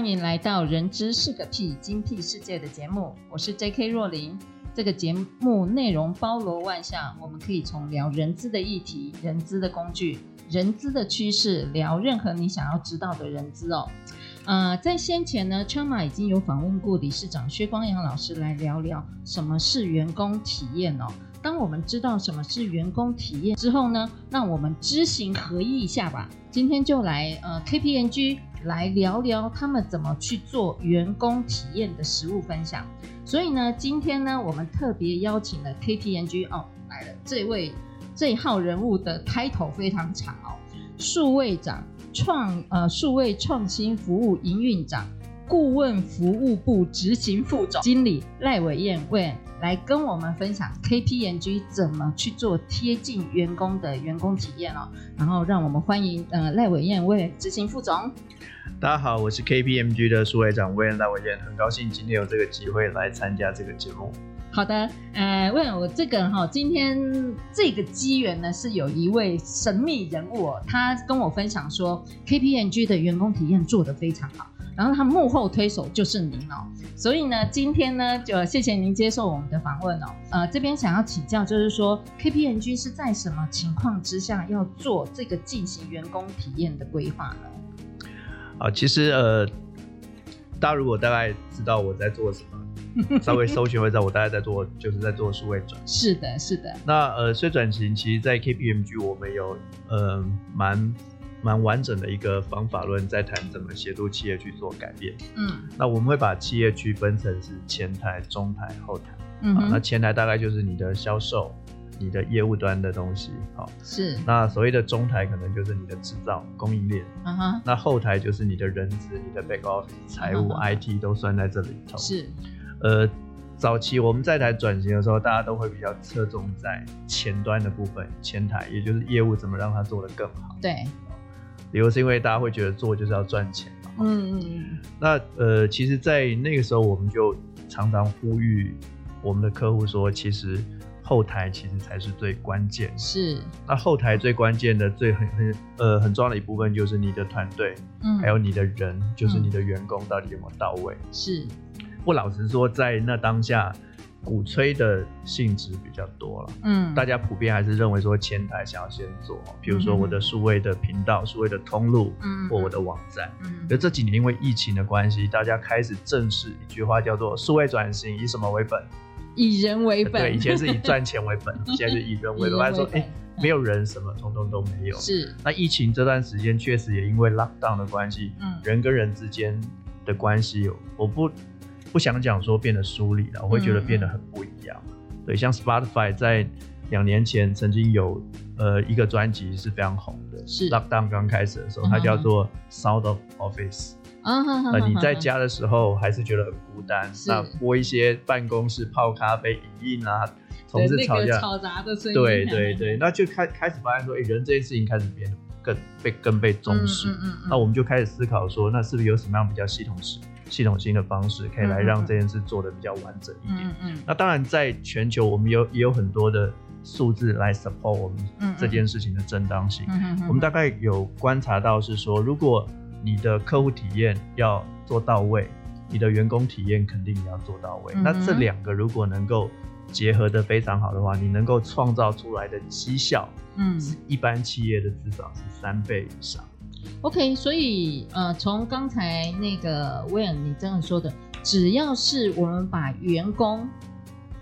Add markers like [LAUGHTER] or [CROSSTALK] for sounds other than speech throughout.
歡迎來到人資是個闢，精闢世界的節目，我是 J.K. 若羚。這個節目內容包羅萬象，我們可以從聊人資的議題、人資的工具、人資的趨勢，聊任何你想要知道的人資哦。呃，在先前呢，CHRMA 已經有訪問過理事長薛光揚老師來聊聊什麼是員工體驗哦。當我們知道什麼是員工體驗之後呢，那我們知行合一一下吧。今天就來呃 KPMG。來聊聊他們怎麼去做員工體驗的實務分享。所以呢，今天呢，我們特別邀請了 KPMG 哦，來了這位這號人物的開頭非常長哦，數位長創呃數位創新服務營運長，顧問服務部執行副總經理賴偉晏問，來跟我們分享 KPMG 怎麼去做貼近員工的員工體驗哦，然後讓我們歡迎呃賴偉晏，為執行副總。大家好，我是 KPMG 的數位長，Wayne 賴偉晏，很高興今天有這個機會來參加這個節目。好的，呃，Wayne 我這個哈、哦，今天這個機緣呢是有一位神秘人物、哦，他跟我分享說 KPMG 的員工體驗做得非常好。然後他幕後推手就是您哦，所以呢，今天呢，就謝謝您接受我們的訪問哦。呃，這邊想要請教，就是說，KPMG 是在什麼情況之下要做這個進行員工體驗的規劃呢？啊，其實呃，大家如果大概知道我在做什麼，稍微搜尋會知道我大概在做， [LAUGHS] 就是在做數位轉，是的，是的，是的。那呃，數位轉型，其實，在 KPMG，我們有呃，蠻。蠻完整的一個方法論，在談怎麼協助企業去做改變。嗯，那我們會把企業區分成是前台、中台、後台。嗯哼、啊，那前台大概就是你的銷售、你的業務端的東西。好、哦，是。那所謂的中台可能就是你的制造、供應鏈。啊哈、嗯哼。那後台就是你的人資、你的 back office、財務、嗯、哼 IT 都算在這裡頭。是。呃，早期我們在談轉型的時候，大家都會比較側重在前端的部分，前台，也就是業務怎麼讓它做得更好。對。理由是因為大家會覺得做就是要賺錢。嗯、喔、嗯。那呃，其實，在那個時候，我們就常常呼籲我們的客戶說，其實後台其實才是最關鍵。是。那後台最關鍵的、最很很呃很重要的一部分，就是你的團隊，嗯、還有你的人，就是你的員工到底有沒有到位？是、嗯。不老實說，在那當下。鼓吹的性質比較多了，嗯，大家普遍還是認為說前台想要先做，比如說我的數位的頻道、數位的通路，嗯，或我的網站。而這幾年因為疫情的關係，大家開始正視一句話，叫做“數位轉型以什麼為本？以人為本”。對，以前是以賺錢為本，現在是以人為本。他說：“哎，沒有人，什麼通通都沒有。”是。那疫情這段時間確實也因為 lockdown 的關係，嗯，人跟人之間的關係有我不。不想講說變得疏離了，我會覺得變得很不一樣。嗯嗯對，像 Spotify 在兩年前曾經有呃一個專輯是非常紅的，是 Lockdown 剛開始的時候，嗯嗯它叫做 Sound of Office，嗯嗯嗯嗯嗯啊你在家的時候還是覺得很孤單，那是、啊、播一些辦公室泡咖啡、影音啊，同事吵架吵、那個、雜的聲音。對對對，那就開開始發現說，誒、欸，人這件事情開始變得更，更被更被重視。嗯嗯，嗯，嗯嗯。那我們就開始思考說，那是不是有什麼樣比較系統性？系統性的方式可以來讓這件事做得比較完整一點。嗯，嗯，嗯那當然，在全球我們有也有很多的數字來 support 我們這件事情的正當性。嗯嗯嗯嗯嗯我們大概有觀察到是說，如果你的客戶體驗要做到位，你的員工體驗肯定也要做到位。嗯嗯那這兩個如果能夠結合得非常好的話，你能夠創造出來的績效，嗯，是一般企業的至少是三倍以上。OK，所以呃，從剛才那個 Wayne 你這樣說的，只要是我們把員工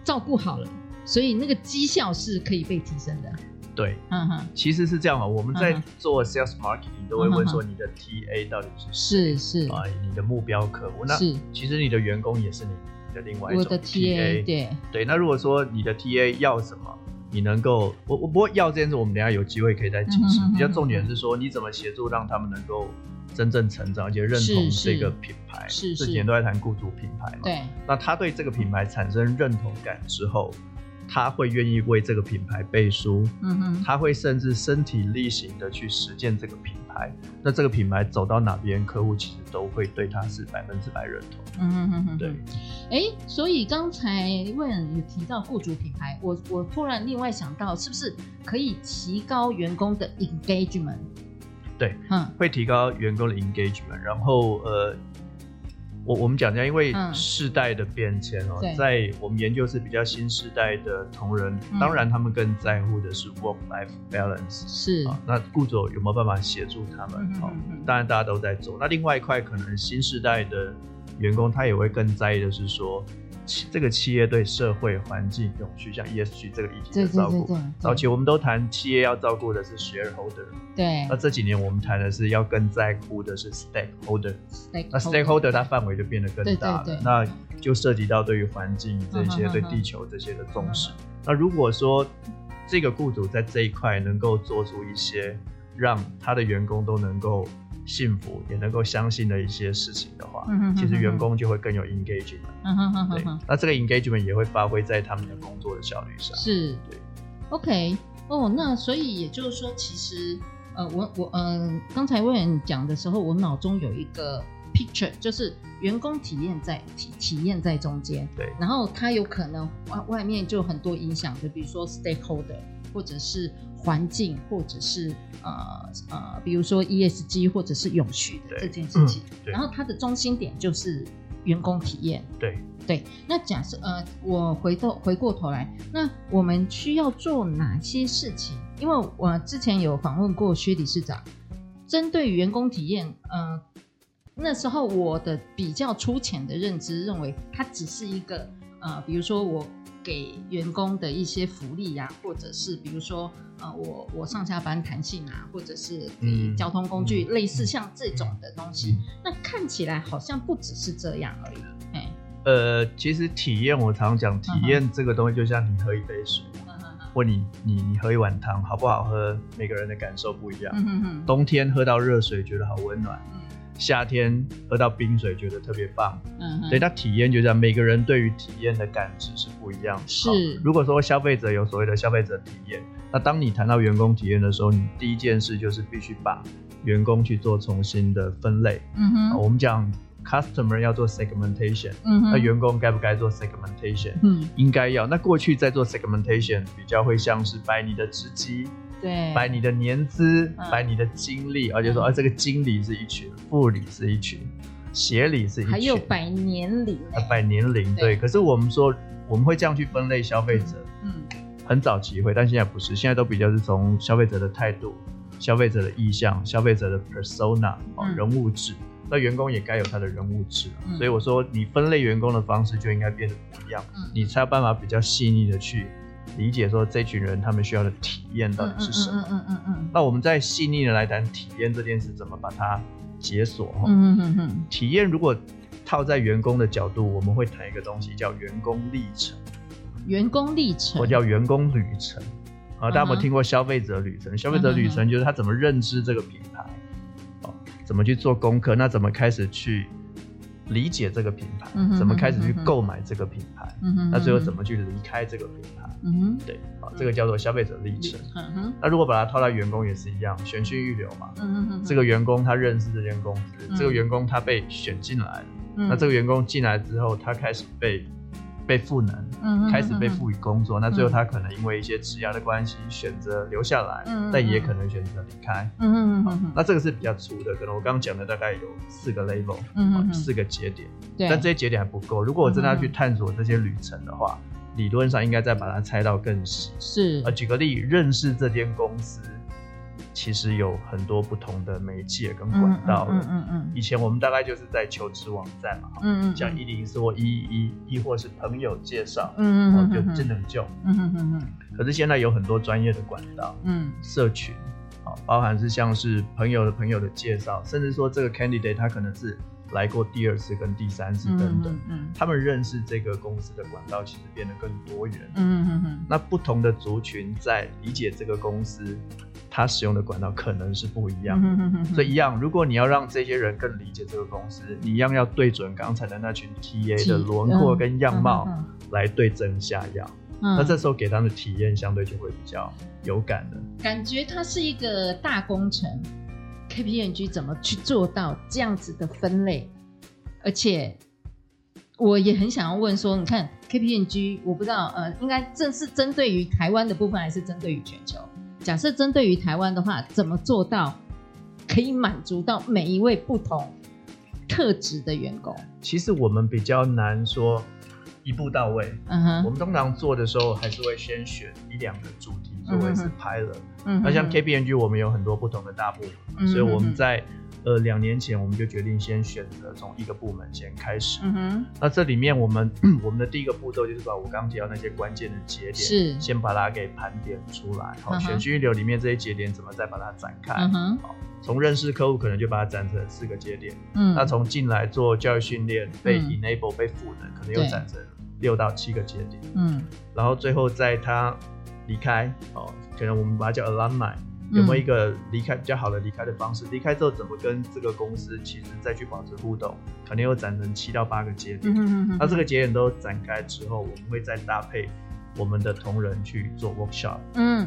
照顧好了，的所以那個績效是可以被提升的。對，嗯哼，其實是這樣嘛。我們在做 sales marketing、嗯嗯、哼都會問說，你的 TA 到底是、嗯、哼是是啊，你的目標客戶是那其實你的員工也是你的另外一種 TA，我的 TA 對對。那如果說你的 TA 要什麼？你能夠，我我不會要這件事，我們等一下有機會可以再解釋。嗯、哼哼哼哼。比較重點是說，你怎麼協助讓他們能夠真正成長，而且認同這個品牌。這幾年都在談雇主品牌嘛，對是，那他對這個品牌產生認同感之後。他會願意為這個品牌背書，嗯哼。他會甚至身體力行的去實踐這個品牌。那這個品牌走到哪邊，客戶其實都會對他是百分之百認同，嗯哼哼哼哼對、欸。所以剛才 Wayne 有提到雇主品牌，我我突然另外想到，是不是可以提高員工的 engagement？對，嗯、會提高員工的 engagement，然後呃。我我們講一下，因為世代的變遷哦，嗯、在我們研究是比較新世代的同仁，嗯、當然他們更在乎的是 work-life balance 是啊、哦，那雇主有沒有辦法協助他們？好、嗯哦，當然大家都在做。那另外一塊可能新世代的員工他也會更在意的是說。這個企業對社會環境永續，像 ESG 這個議題的照顧。對對對對早期我們都談企業要照顧的是 shareholder，對。那這幾年我們談的是要更在乎的是 stakeholder stakeholder。stakeholder 它範圍就變得更大了，對對對，那就涉及到對於環境這些、嗯、哼哼哼對地球這些的重視。嗯、哼哼那如果說這個雇主在這一塊能夠做出一些，讓他的員工都能夠。幸福也能夠相信的一些事情的話，嗯、哼哼哼其實員工就會更有 engagement，嗯。對，嗯、哼哼哼那這個 engagement 也會發揮在他們的工作的效率上。是，對。OK，哦、oh,，那所以也就是說，其實呃，我我嗯，剛、呃、才偉晏你講的時候，我腦中有一個 picture，就是員工體驗在體體驗在中間，對。然後他有可能外外面就很多影響就比如說 stakeholder，或者是。環境，或者是呃呃，比如說 ESG 或者是永續的這件事情，嗯、然後它的中心點就是員工體驗。對對，那假設呃，我回頭回過頭來，那我們需要做哪些事情？因為我之前有訪問過薛理事長，針對員工體驗，呃，那時候我的比較粗淺的認知認為，它只是一個呃，比如說我。給員工的一些福利呀、啊，或者是比如說，呃、我我上下班彈性啊，或者是交通工具，嗯、類似像這種的東西，那、嗯嗯、看起來好像不只是這樣而已。哎，呃，其實體驗，我常講體驗這個東西，就像你喝一杯水，嗯嗯嗯嗯、或你你你喝一碗湯好不好喝，每個人的感受不一樣。嗯嗯嗯、冬天喝到熱水，覺得好溫暖。嗯嗯夏天喝到冰水，覺得特別棒。嗯哼，對，那體驗就這樣、啊。每個人對於體驗的感知是不一樣的。是、哦，如果說消費者有所謂的消費者體驗，那當你談到員工體驗的時候，你第一件事就是必須把員工去做重新的分類。嗯哼、哦，我們講 customer 要做 segmentation。嗯哼，那員工該不該做 segmentation？嗯，應該要。那過去在做 segmentation，比較會像是擺你的司機。對，擺你的年資，擺你的經歷，而且說，哎，這個經理是一群，副理是一群，協理是一群，還有擺年齡，啊，擺年齡，對。可是我們說，我們會這樣去分類消費者，嗯，很早機會，但現在不是，現在都比較是從消費者的態度、消費者的意向、消費者的 persona，哦，人物志。那員工也該有他的人物志，所以我說，你分類員工的方式就應該變得不一樣，你才有辦法比較細膩的去。理解說這群人他們需要的體驗到底是什麼？嗯嗯嗯，嗯，嗯，嗯，嗯，嗯那我們再細膩的來談體驗這件事，怎麼把它解鎖？哦、嗯嗯嗯體驗如果套在員工的角度，我們會談一個東西叫員工歷程。員工歷程。或叫員工旅程。啊、嗯，大家有沒有聽過消費者旅程？消費者旅程就是他怎麼認知這個品牌，嗯哼哼哦、怎麼去做功課，那怎麼開始去理解這個品牌？怎麼開始去購買這個品牌？嗯哼，嗯哼，那最後怎麼去離開這個平台？嗯哼，對，好、嗯哼啊，這個叫做消費者歷程。嗯哼，那如果把它套在員工也是一樣，選訓育留嘛。嗯哼，嗯哼，這個員工他認識這間公司，嗯、這個員工他被選進來，嗯、那這個員工進來之後，他開始被。被賦能，嗯、哼哼哼開始被賦予工作，嗯、哼哼那最後他可能因為一些職涯的關係選擇留下來，嗯、哼哼但也可能選擇離開，嗯哼哼哼那這個是比較粗的，可能我剛剛講的大概有四個 level，、嗯哼哼哦、四個節點，對，但這些節點還不夠，如果我真的要去探索這些旅程的話，嗯、哼哼理論上應該再把它拆到更細，是，舉個例，認識這間公司。其實有很多不同的媒介跟管道嗯嗯，以前我們大概就是在求職網站嘛，嗯像一零四或一一一，亦或是朋友介紹，嗯嗯，就真的就，嗯嗯嗯嗯。可是現在有很多專業的管道，嗯，社群，包含是像是朋友的朋友的介紹，甚至說這個 candidate 他可能是。來過第二次跟第三次等等，嗯嗯嗯、他們認識這個公司的管道其實變得更多元。嗯嗯嗯。嗯嗯，那不同的族群在理解這個公司，他使用的管道可能是不一樣。嗯嗯嗯、所以一樣，如果你要讓這些人更理解這個公司，你一樣要對準剛才的那群 TA 的輪廓跟樣貌來對症下藥。嗯嗯、那這時候給他們的體驗相對就會比較有感的。感覺它是一個大工程。K P N G 怎麼去做到這樣子的分類？而且我也很想要問說，你看 K P N G，我不知道呃，應該這是針對於臺灣的部分，還是針對於全球？假設針對於臺灣的話，怎麼做到可以滿足到每一位不同特質的員工？其實我們比較難說一步到位。嗯哼、uh，huh. 我們通常做的時候，還是會先選一兩個主題。所以我是 Pilot，嗯哼，那像 KPMG，我們有很多不同的大部門，嗯、哼所以我們在呃兩年前，我們就決定先選擇從一個部門先開始。嗯哼，那這裡面我們我們的第一個步驟就是把我剛提到那些關鍵的節點，是先把它給盤點出來，好是、哦，選區一流裡面這些節點怎麼再把它展開？嗯從哼、哦、認識客戶可能就把它展成四個節點，嗯。那從進來做教育訓練被 enable、嗯、被賦能，可能又展成六到七個節點，嗯。然後最後在它。離開哦，可能我們把它叫 alumni，有沒有一個離開比較好的離開的方式？嗯。離開之後怎麼跟這個公司，其實再去保持互動，肯定有展成七到八個節點。嗯嗯嗯，那這個節點都展開之後，我們會再搭配我們的同仁去做 workshop。嗯。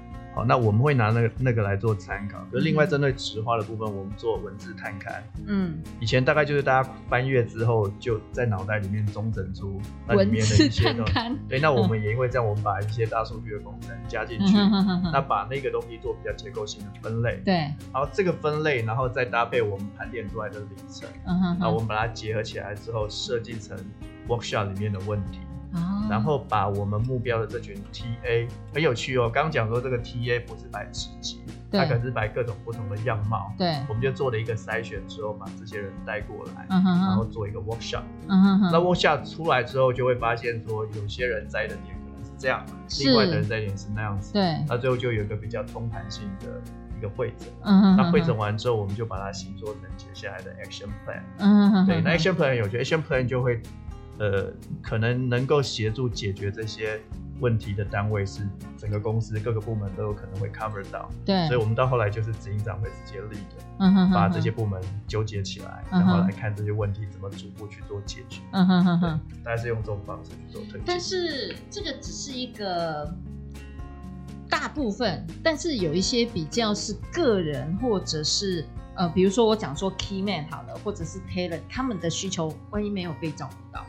好，那我們會拿那個那個來做參考。就另外針對質化的部分，嗯、我們做文字探勘。嗯，以前大概就是大家翻閱之後，就在腦袋裡面綜整出文字探勘。嗯、對，那我們也因為這樣，我們把一些大數據的功能加進去，嗯、哼哼哼哼那把那個東西做比較結構性的分類。對，然後這個分類，然後再搭配我們盤點出來的旅程，那、嗯、我們把它結合起來之後，設計成 workshop 裡面的問題。然後把我們目標的這群 TA，很有趣哦。剛剛講說這個 TA 不是白紙機，它可能是擺各種不同的樣貌。對，我們就做了一個篩選之後，把這些人帶過來，嗯、哼哼然後做一個 workshop，、嗯、那 workshop 出來之後，就會發現說，有些人在的點可能是這樣，是另外的人在點是那樣子，對。那最後就有一個比較通盤性的一個會診，嗯、哼哼哼那會診完之後，我們就把它形作成接下來的 action plan，嗯哼哼哼對，那 action plan 有，我覺得 action plan 就會。呃，可能能夠協助解決這些問題的單位是整個公司各個部門都有可能會 cover 到，對，所以我們到後來就是執行長會直接立的，嗯哼，哼，把這些部門糾結起來，嗯、哼然後來看這些問題怎麼逐步去做解決，嗯哼哼哼，大概是用這種方式去做推、嗯、哼哼，但是這個只是一個大部分，但是有一些比較是個人或者是呃，比如說我講說 key man 好了，或者是 talent，他們的需求萬一沒有被照顧到。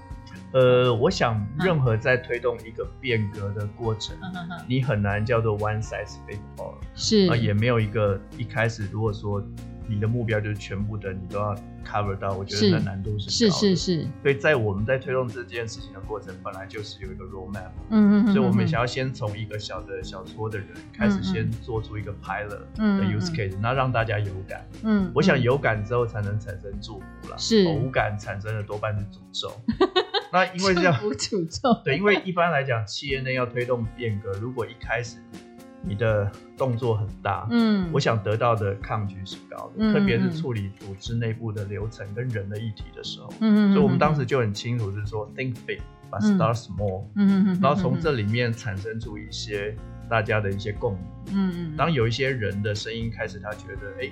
呃，我想，任何在推動一個變革的過程，啊、你很難叫做 one size fits all，是啊、呃，也沒有一個一開始，如果說你的目標就是全部的你都要 cover 到，是我覺得那難度是高的，是是是。是是是。所以在我們在推動這件事情的過程，本來就是有一個 roadmap，嗯嗯嗯，嗯嗯，所以我們想要先從一個小的小撮的人開始，先做出一個 pilot 的 use case，、嗯嗯嗯、那讓大家有感，嗯，我想有感之後才能產生祝福啦。是。無感產生的多半是詛咒。 [LAUGHS] [LAUGHS] 那因為這樣，對，因為一般來講，企業內要推動變革，如果一開始你的動作很大，嗯，我想得到的抗拒是高的，特別是處理組織內部的流程跟人的議題的時候，嗯，所以我們當時就很清楚，就是說 Think big，把 start small，然後從這裡面產生出一些大家的一些共鳴，嗯，當有一些人的聲音開始，他覺得，哎。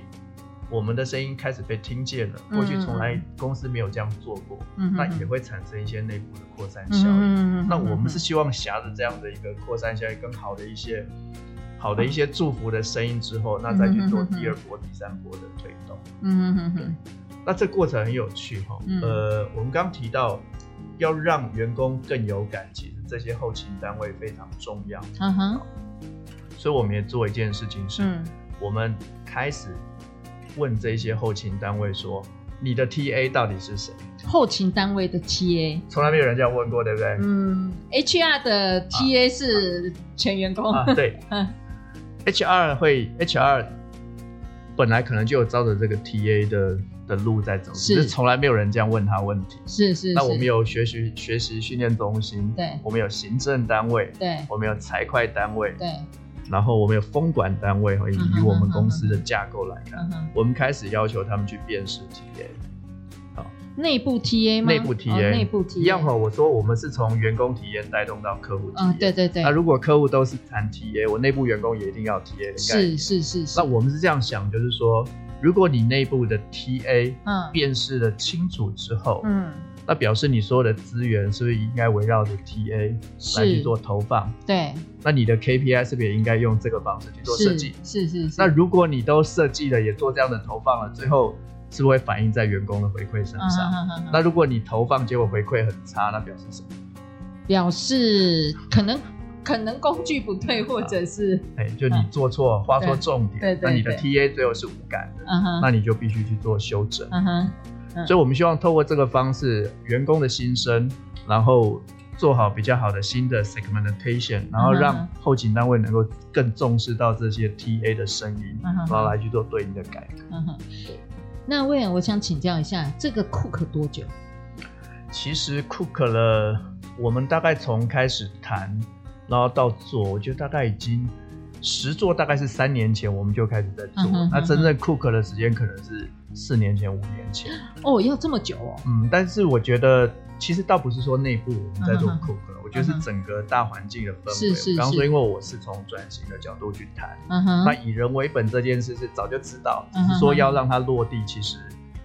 我們的聲音開始被聽見了，過去從來公司沒有這樣做過，嗯、哼哼那也會產生一些內部的擴散效應。那我們是希望挾着這樣的一個擴散效應，更好的一些好的一些祝福的聲音之後，嗯、哼哼哼哼那再去做第二波、第三波的推動。嗯哼哼哼那這過程很有趣哈、哦。嗯、哼哼呃，我們剛剛提到要讓員工更有感情，其實這些後勤單位非常重要、嗯哼。所以我們也做一件事情是，嗯、我們開始。問這些後勤單位說：“你的 TA 到底是誰？”後勤單位的 TA 從來沒有人這樣問過，對不對？嗯，HR 的 TA、啊、是全員工。啊、對 [LAUGHS] ，HR 會，HR 本來可能就有照著這個 TA 的的路在走，是只是從來沒有人這樣問他問題。是，是是。那我們有學習學習訓練中心，對，我們有行政單位，對，我們有財會單位，對。然後我們有封管單位和以、以我們公司的架構來看，嗯、哼哼哼哼，我們開始要求他們去辨識內、嗯哼哦、部 TA 嗎？內部 TA，內、哦、部 TA。一樣，好，我說，我們是從員工體驗帶動到客戶體驗，對對對。那如果客戶都是談 TA，我內部員工也一定要 TA 的概念。是是是。是是是，那我們是這樣想，就是說，如果你內部的 TA 嗯，辨識的清楚之後，嗯。那表示你所有的資源是不是應該圍繞着 TA 來去做投放？對。那你的 KPI 是不是也應該用這個方式去做設計？是是是。是是是，那如果你都設計了，也做這樣的投放了，最後是不是會反映在員工的回饋身上？嗯、那如果你投放結果回饋很差，那表示什麼？表示可能可能工具不對， [LAUGHS] 或者是。哎，就你做錯，畫、嗯、錯重點。對對、對。那你的 TA 最後是無感的，那你就必須去做修整。嗯哼。嗯、所以，我們希望透過這個方式，員工的心聲，然後做好比較好的新的 segmentation，然後讓後勤單位能夠更重視到這些 TA 的聲音，然後來去做對應的改革。對，那 Wayne，我想請教一下，這個 cook 多久？其實 cook 了，我們大概從開始談，然後到做，我覺得大概已經。實作大概是三年前，我們就開始在做。嗯、哼那真正 Cook、er、的時間可能是四年前、嗯、哼五年前。哦，要這麼久哦。嗯，但是我覺得其實倒不是說內部我們在做 Cook、er、嗯、哼我覺得是整個大環境的氛圍。是是是。剛剛說，因為我是從轉型的角度去談。嗯哼。那以人為本這件事是早就知道，嗯、哼只是說要讓它落地，其實。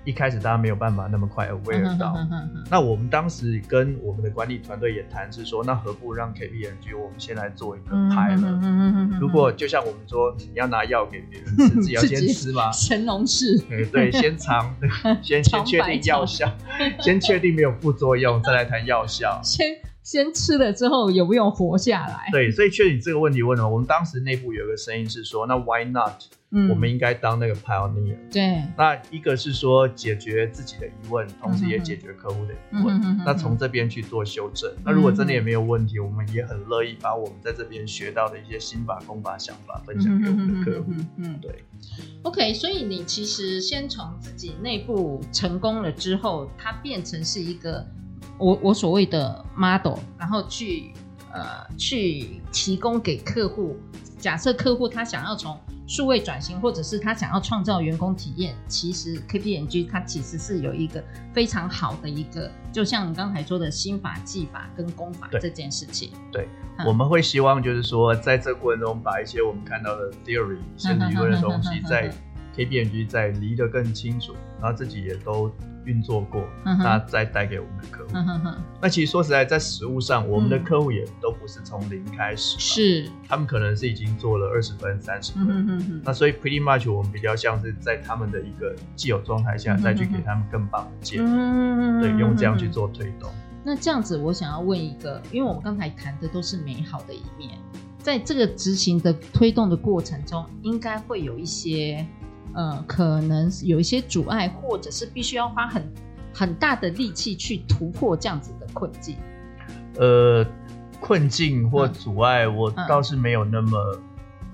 一開始大家沒有辦法那麼快 aware 到，嗯、哼哼哼哼那我們當時跟我們的管理團隊也談是說，那何不讓 KPMG 我們先來做一個排了，嗯、哼哼哼哼如果就像我們說，你要拿藥給別人吃，只自己 要先吃嗎？神農氏、嗯，對，先嘗， [LAUGHS] 先先確定藥效，先確定沒有副作用，再來談藥效。先先吃了之後有沒有活下來？對，所以確實這個問題問了。我們當時內部有一個聲音是說，那 why not？、嗯、我們應該當那個 pioneer。對。那一個是說解決自己的疑問，同時也解決客戶的疑問。嗯嗯、哼哼哼那從這邊去做修正。嗯、哼哼那如果真的也沒有問題，我們也很樂意把我們在這邊學到的一些心法、功法、想法分享給我們的客戶。嗯哼哼哼哼哼，對。OK，所以你其實先從自己內部成功了之後，它變成是一個。我我所謂的 model，然後去呃去提供給客戶。假設客戶他想要從數位轉型，或者是他想要創造員工體驗，其實 KPMG 它其實是有一個非常好的一個，就像剛才說的心法、技法跟工法這件事情。對,嗯、對，我們會希望就是說，在這過程中把一些我們看到的 theory、甚至理論的東西，在 KPMG 再釐得更清楚，然後自己也都。運作過，那再帶給我們的客戶。嗯嗯、那其實說實在，在實務上，我們的客戶也都不是從零開始，是他們可能是已經做了二十分，分、三十、嗯。分。那所以 pretty much 我們比較像是在他們的一個既有狀態下，再去給他們更棒的建議，嗯、哼哼對，用這樣去做推動。嗯、哼哼那這樣子，我想要問一個，因為我們剛才談的都是美好的一面，在這個執行的推動的過程中，應該會有一些。呃、可能有一些阻礙，或者是必須要花很很大的力氣去突破這樣子的困境。呃，困境或阻礙，嗯、我倒是沒有那麼，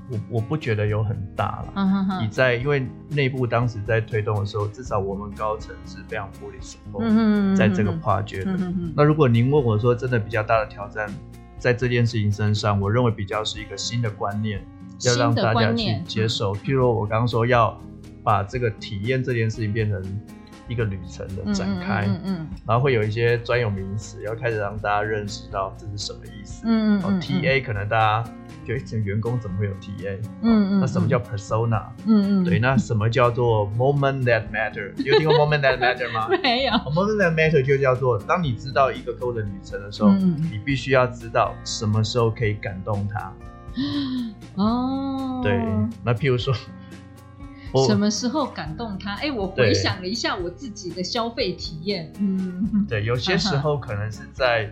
我我不覺得有很大了。嗯、哼哼你在，因為內部當時在推動的時候，至少我們高層是非常不璃不，嗯嗯嗯嗯、在這個跨界的。嗯哼嗯哼那，如果您問我說，真的比較大的挑戰，在這件事情身上，我認為比較是一個新的觀念。要讓大家去接受，譬如我剛剛說要把這個體驗這件事情變成一個旅程的展開，嗯，嗯，嗯，然後會有一些專有名詞，要開始讓大家認識到這是什麼意思，嗯，嗯 T A 可能大家覺得員工怎麼會有 T A，嗯，嗯那什麼叫 persona，嗯，嗯對，那什麼叫做 moment that matter、嗯嗯、有聽過 moment that matter 嗎？ [LAUGHS] 沒有、oh，moment that matter 就叫做當你知道一個顧客的旅程的時候，嗯、你必須要知道什麼時候可以感動他。哦，對，那譬如說，什麼時候感動他？哎、欸，我回想了一下我自己的消費體驗，嗯，對，有些時候可能是在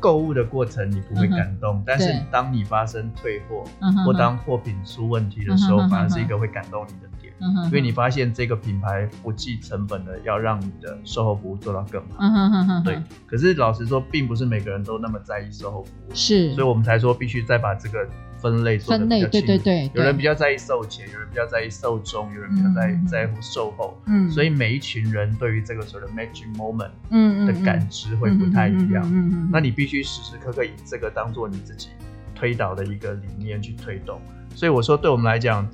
購物的過程你不會感動，嗯哼，但是當你發生退貨，對，或當貨品出問題的時候，嗯哼，反而是一個會感動你的點，嗯哼、嗯哼，因為你發現這個品牌不計成本的要讓你的售後服務做到更好，嗯嗯嗯嗯，對。可是老實說，並不是每個人都那麼在意售後服務，是，所以我們才說必須再把這個。分類，做比較分類對對對，對，對，有人比較在意售前，對有人比較在意售中，對有人比較在意對在乎售後。嗯，所以每一群人對於這個所謂的 Magic Moment，嗯的感知會不太一樣。嗯嗯，嗯，嗯那你必須時時刻刻以這個當做你自己推導的一個理念去推動。所以我說，對我們來講，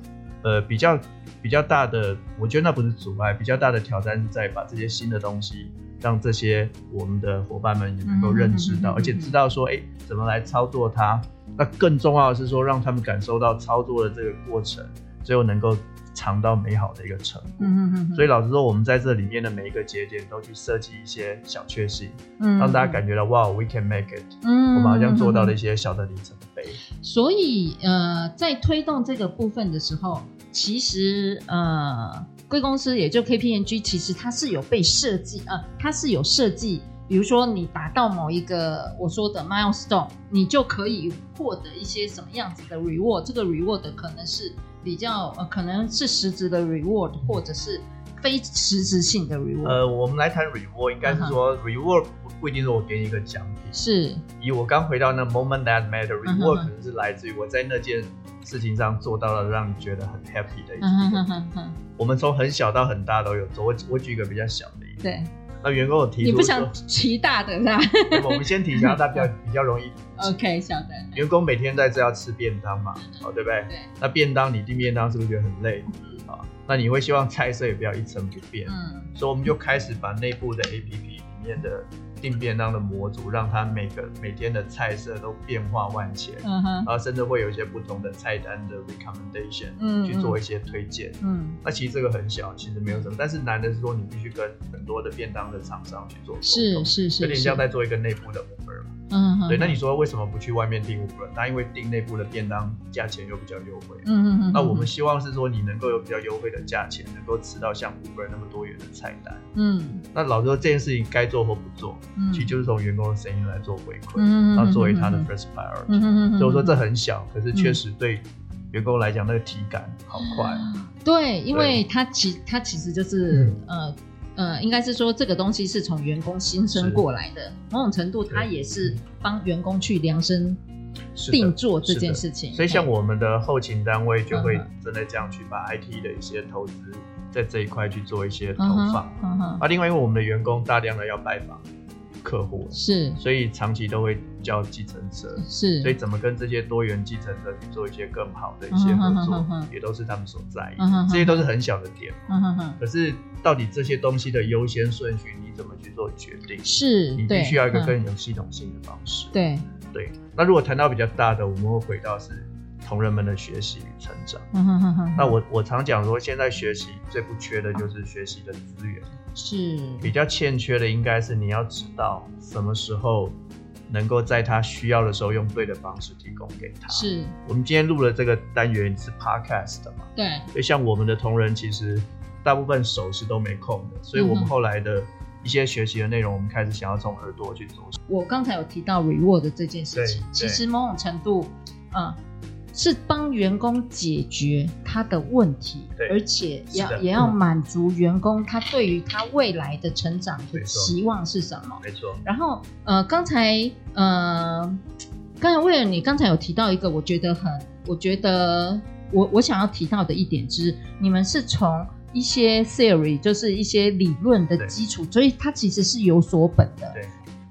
呃，比較比較大的，我覺得那不是阻礙，比較大的挑戰是在把這些新的東西讓這些我們的夥伴們也能夠認知到，而且知道說，哎、欸，怎麼來操作它。那更重要的是說，讓他們感受到操作的這個過程，最後能夠嘗到美好的一個成果。嗯、哼哼，所以老實說，我們在這裡面的每一個節點都去設計一些小確幸，嗯、讓大家感覺到哇，We can make it，嗯、哼哼我們好像做到了一些小的里程碑。所以呃，在推動這個部分的時候，其實呃，貴公司也就 KPMG，其實它是有被設計，呃，它是有設計。比如說你達到某一個我說的 milestone，你就可以獲得一些什麼樣子的 reward。這個 reward 可能是比較、呃、可能是實質的 reward，或者是非實質性的 reward。呃，我們來談 reward，應該是說 reward 不一定是我給你一個獎品，是、uh huh. 以我剛回到那 moment that matter，reward、uh huh. 可能是來自於我在那件事情上做到了讓你覺得很 happy 的一些。Uh huh. 我們從很小到很大都有做。我我舉一個比較小的一。Uh huh. 對。員工我提，你不想提大的是是，是吧？我們先提一下，他 [LAUGHS] 比較比較容易。OK，曉得。員工每天在這要吃便當嘛，嗯、對不吧對？對。那便當，你訂便當是不是覺得很累？啊、嗯，那你會希望菜色也不要一成不變。嗯。所以我們就開始把內部的 APP 裡面的。訂便當的模組，讓他每個每天的菜色都變化萬千，嗯哼、uh，啊、huh.，甚至會有一些不同的菜單的 recommendation，嗯、uh，huh. 去做一些推薦，嗯、uh，huh. 那其實這個很小，其實沒有什麼，但是難的是說你必須跟很多的便當的廠商去做溝通，是是是，是有點像在做一個內部的工程。是嗯，對，那你說為什麼不去外面訂 Uber？那因為訂內部的便當價錢又比較優惠。嗯嗯嗯。那我們希望是說你能夠有比較優惠的價錢，能夠吃到像 Uber 那麼多元的菜單。嗯。那老實說這件事情該做或不做，其實就是從員工的聲音來做回饋，那作為他的 first priority。嗯嗯所以說這很小，可是確實對員工來講那個體感好快。對，因為他其它其實就是呃。呃、嗯，應該是說，這個東西是從員工新生過來的，某是種程度，它也是幫員工去量身定做這件事情。所以像我們的後勤單位就會真的這樣去把 IT 的一些投資在這一塊去做一些投放。嗯哼嗯、哼啊，另外因為我們的員工大量的要拜訪客戶是，所以長期都會叫計程車是，所以怎麼跟這些多元計程車去做一些更好的一些合作，嗯、哼哼哼哼也都是他們所在意，意、嗯。這些都是很小的點，嗯哼哼。嗯、哼哼可是到底這些東西的優先順序，你怎麼去做決定？是，你必須要一個更有系統性的方式。對、嗯、哼對。對那如果談到比較大的，我們會回到是同仁們的學習與成長。嗯哼哼哼，哼。那我我常講說，現在學習最不缺的就是學習的資源。是比較欠缺的，應該是你要知道什麼時候能夠在他需要的時候，用對的方式提供給他。是，我們今天錄了這個單元是 podcast 的嘛？對。所以像我們的同仁，其實大部分手是都沒空的，所以我們後來的一些學習的內容，我們開始想要從耳朵去做。我剛才有提到 reward 這件事情，其實某種程度，嗯。是幫員工解決他的問題，對而且也要的也要滿足員工他對於他未來的成長的期望是什麼？沒錯錯。然後呃，剛才呃，剛才 Wayne 你剛才有提到一個，我覺得很，我覺得我我想要提到的一點，就是，你們是從一些 theory，就是一些理論的基礎，對所以它其實是有所本的，對。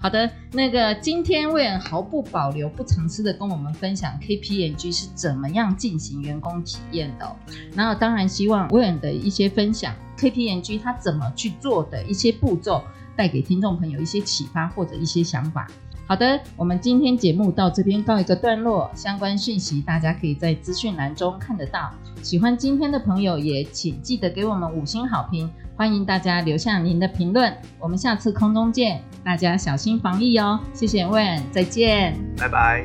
好的，那個今天 Wayne 毫不保留，不藏私的跟我們分享 KPMG 是怎麼樣進行員工體驗的哦。然後當然希望 Wayne 的一些分享，KPMG 它怎麼去做的一些步驟，帶給聽眾朋友一些啟發或者一些想法。好的，我們今天節目到這邊告一個段落，相關訊息大家可以在資訊欄中看得到。喜歡今天的朋友也請記得給我們五星好評。歡迎大家留下您的評論，我們下次空中見。大家小心防疫哦，謝謝 Wayne，再見，拜拜。